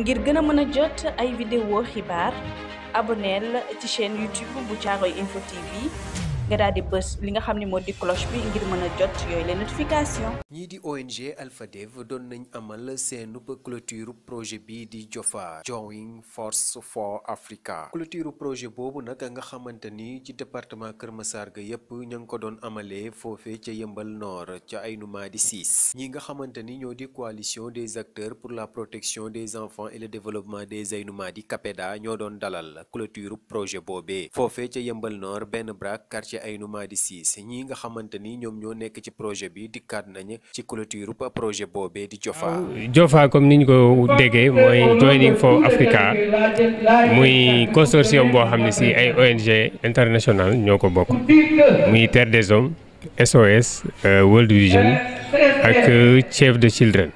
ngir gëna a mën a jot ay vidéo xibaar aboneel ci chaîne YouTube bu Caaroy info TV nga daal di bës li nga xam ne moo di cloche bi ngir mën a jot yooyu les notification ñii di ONG Alpha Dev doon nañ amal seenu clôture projet bi di Jofa Joining Force for Africa clôture projet boobu nag nga xamante ni ci département Kër Massar ga yépp ña ko doon amalee foofee ca Yëmbal Nord ca Aïnoumady 6 ñi nga xamante ni ñoo di coalition des acteurs pour la protection des enfants et le développement des Aïnoumady CAPEDA ñoo doon dalal clôture projet boobee foofee ca Yëmbal Nord benn braque quartier ci ay Aïnoumady Cissé ñii nga xamante ni ñoom ñoo nekk ci projet bi dikkaat nañu ci clôture projet boobee di Jofa. Ah, Jofa comme ni ñu ko déggee mooy Joining for Africa muy consortium boo xam ne si ay ONG international ñoo ko bokk muy Terre des Hommes SOS euh, World Vision ak euh, chef de Children.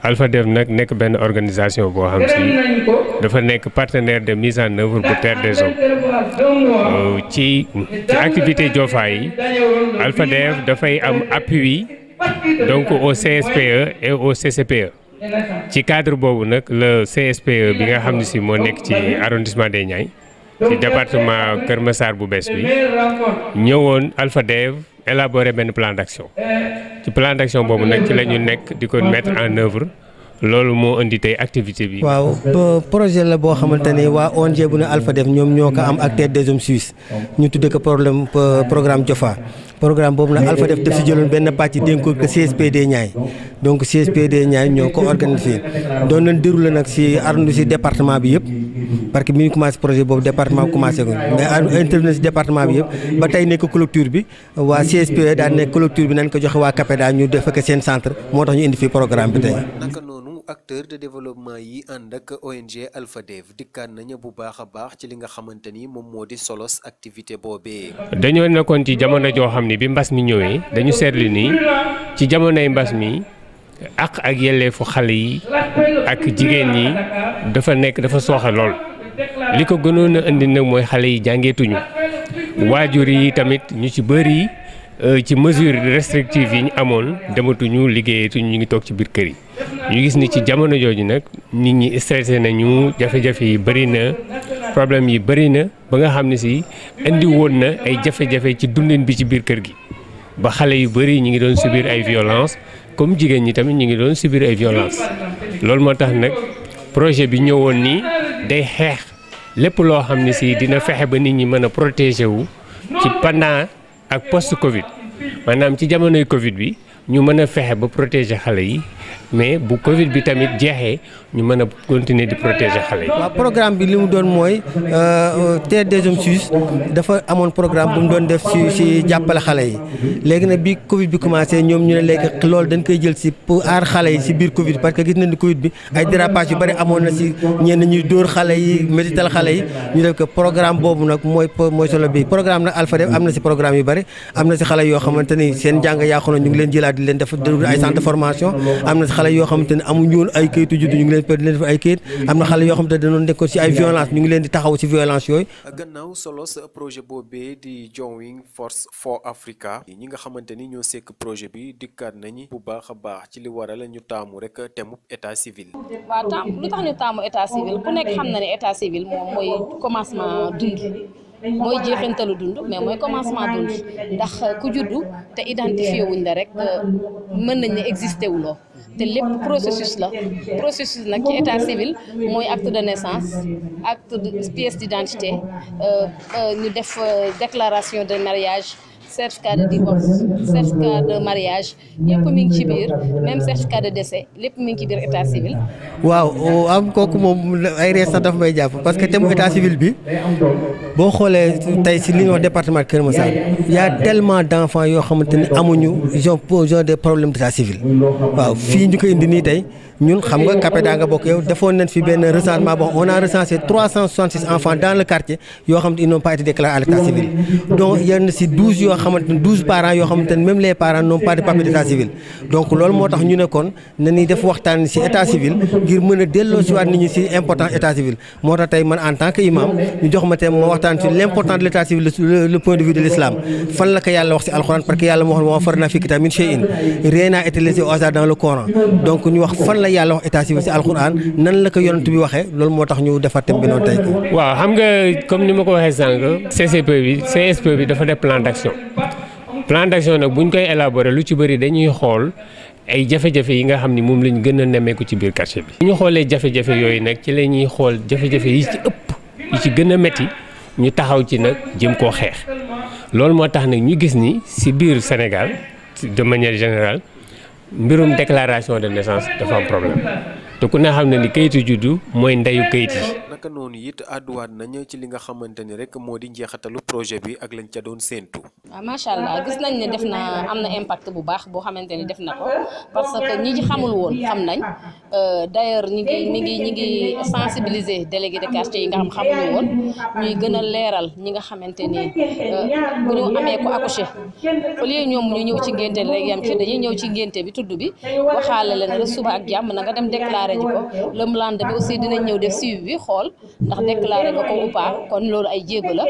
Alpha Dev nag nekk benn organisation boo xam si dafa nekk partenaire de mise en œuvre bu Terre des Hommes euh, ci ci activité Jofa yi Alpha Dev dafay am appui donc au CSPE et au CCPE ci cadre boobu nag le CSPE bi nga xam ne si moo nekk ci arrondissement des Niayes ci département Kër Massar bu bees bi ñëwoon Alpha Dev élaborer benn plan d'action ci plan d'action boobu nag ci la ñu nekk di mettre en œuvre loolu moo indi tey activité bi. waaw projet la boo xamante ni ONG bu ne Alpha def ñoom ñoo ko am ak tête des hommes suisse ñu tuddee ko problème euh, programme Jofa. programme boobu nag Alpha Def daf si jëloon benn pàcc dénk ko CSPD Niayes donc CSPD Niayes ñoo ko organisé doon nañ déroulé nag si arrondu si département bi yëpp parce que bi ñu commencé projet boobu département commencé ko mais intervenir si département bi yëpp ba tey nekk clôture bi waa CSPD daan nekk clôture bi nañ ko joxe waa CAPEDA ñu def seen centre moo tax ñu indi fi programme bi tey. acteur de développement yi ànd ak ONG Alphadev dikkaan nañu bu baax baax ci li nga xamante ni moom di solos activité boobee. dañoo nekkoon ci jamono bi mi dañu ni ci mi ak ak yelleefu xale yi ak jigéen ñi dafa nekk dafa sooxe lool li ko gënoon a indi nag mooy yi tamit ñu ci bëri. Euh, ci mesure restrictive yi ñu amoon dematuñu liggéeyatuñ ñu ngi toog ci biir kër yi ñu gis ni ci jamono jooju nag nit ñi stressé nañu jafe-jafe yi bëri na problème yi bëri na ba nga xam ne si indi woon na ay jafe-jafe ci dundin bi ci biir kër gi ba xale yu bëri ñu ngi doon subir ay violence comme jigéen ñi tamit ñu ngi doon subir ay violence loolu moo tax nag projet bi ñëwoon nii day xeex lépp loo xam ne sii dina fexe ba nit ñi mën a protéger wu ci pendant ak post Covid maanaam ci jamonoy Covid bi ñu mën a fexe ba protéger xale yi mais bu Covid bi tamit jeexee ñu mën a continuer di protéger xale yi. waaw programme bi li mu doon mooy euh, euh, Terre des Hommes Sus dafa amoon programme bu mu doon def si si jàppale xale yi léegi nag bi Covid bi ñoom ñu ne léegi loolu dañ koy jël si pour aar xale biir Covid parce que gis nañ ni Covid bi ay dérapage yu bari amoon na si ñenn ñuy dóor xale yi métital xale yi ñu def ko programme boobu nag mooy mooy solo bi programme nag Alpha Def am na si programme yu bari am na si xale yoo xamante ni seen jàng yaa na ñu ngi leen jëlaat di leen def ay am na xale yoo xamante ne amuñu woon ay kayitu juddu ñu ngi leen di def ay kayit sa projet boobee ni ñoo sekk projet bi dikkaat nañu bu baax a baax ci li waral ñu taamu rek temu état civil. waaw taamu lu tax ñu taamu état civil ku nekk xam na moom mooy commencement dund. mooy jeexantalu dund mais mooy commencement dund ndax ku juddu te identifié la rek mën nañ ne existé C'est le processus la processus nag ci état civil mooy acte de naissance acte de pièce d'identité euh, euh, ñu euh, déclaration de mariage certificat de divorce certificat de mariage yëpp mi ngi ci bir, même certificat de décès lépp mi ngi ci biir état civil. waaw oh, am kooku mom ay rees daf may japp parce que thème état civil bi boo xoolee tey si li ñuy wax département Il y a tellement d'enfants yo yoo amuñu genre posent des problèmes d'État état civil waaw fi ñu ko indi ni tay ñun xam nga CAPEDA nga bok yow defon nañ fi ben recensement bon on a recensé 366 enfants dans le quartier yo xam ils n'ont pas été déclarés à l'état civil donc yenn si 12 yoo xamante ne douze parents yoo xamante ne même les parents n'ont pas de papier d'état civil donc loolu moo tax ñu ne kon na ñuy def waxtaan ci état civil ngir mën a delloo ci waat nit ñi ci important état civil moo tax tey man en tant que imam ñu jox ma tey ma waxtaan ci l'important de l'état civil le point de vue de l'islam fan la ko yàlla wax ci alxuraan parce que yàlla moo xam ne maa farna fi kitab min shay'in rien n'a été laissé au hasard dans le Coran donc ñu wax fan la yàlla wax état civil ci alxuraan nan la ko yonent bi waxee loolu moo tax ñu defar thème bi noonu tey. waaw xam nga comme ni ma ko waxee sànq CCP bi CSP bi dafa def plan d'action plan d'action nag buñ koy élaborer lu ci bëri dañuy xool ay jafe-jafe yi nga xam ni moom lañ gën a nemmeeku ci biir quartier bi. bu ñu xoolee jafe-jafe yooyu nag ci la ñuy xool jafe-jafe yi ci ëpp yi ci gën a métti ñu taxaw ci nag jëm koo xeex loolu moo tax nag ñu gis ni si biir Sénégal de manière générale mbirum declaration de naissance dafa am problème te ku ne xam ne ni kayitu juddu mooy ndeyu kayit yi. naka noonu it àdduwaat nañu ci li nga xamante ni rek moo di njeexatalu projet bi ak lañ ca doon séentu. waaw ah, macha allah gis nañ ne def na am na impact bu baax boo xamante ne def na ko parce que ñi ci xamul woon xam nañ euh, d' ailleurs ñi ngi ñi ngi ñi ngi sensibiliser délégué de quartier yi nga xam xamuñu woon ñuy gën a leeral ñi nga xamante ni euh, bu ñu amee ko accouché au ñoom ñu ñëw ci ngénte rek yam ci dañuy ñëw ci ngénte bi tudd bi waxaale leen rek suba ak jàmm na nga dem déclaré ji ko le lendemain bi aussi dinañ ñëw def suivi bi xool ndax déclaré nga ko ou kon loolu ay jéego la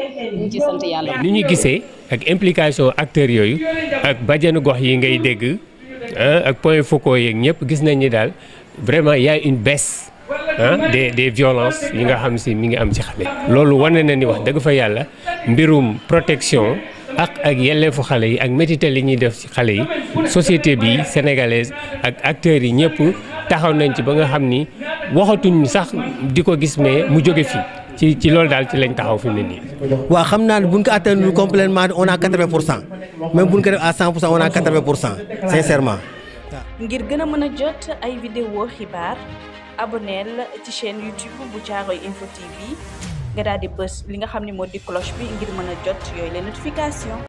ñu sant yàlla. ni implication acteurs yooyu ak bajenu gox yi ngay dégg ah, ak point focaux yeeg ñëpp gis nañ ni daal vraiment y une baisse ah des des violences yi nga xam si mi ngi am ci xale loolu wane na ni wax dëgg fa yàlla mbirum protection ak ak yelleefu xale yi ak métital yi ñuy def ci xale yi société bi sénégalaise ak acteurs yi ñëpp taxaw nañ ci ba nga xam ni waxatuñ sax di ko gis mais mu jóge fii ci ci loolu daal ci lañ taxaw fi nii. waaw xam naa ne bu ñu ko atteindre complètement on a 80 pour cent même bu ko def à 100 pour cent on a 80 pour cent sincèrement. ngir gën a jot ay vidéo xibaar abonneel ci chaîne YouTube bu Caaroy info TV nga daal di bës li nga xam ni moo di cloche bi ngir mën jot yooyu les notification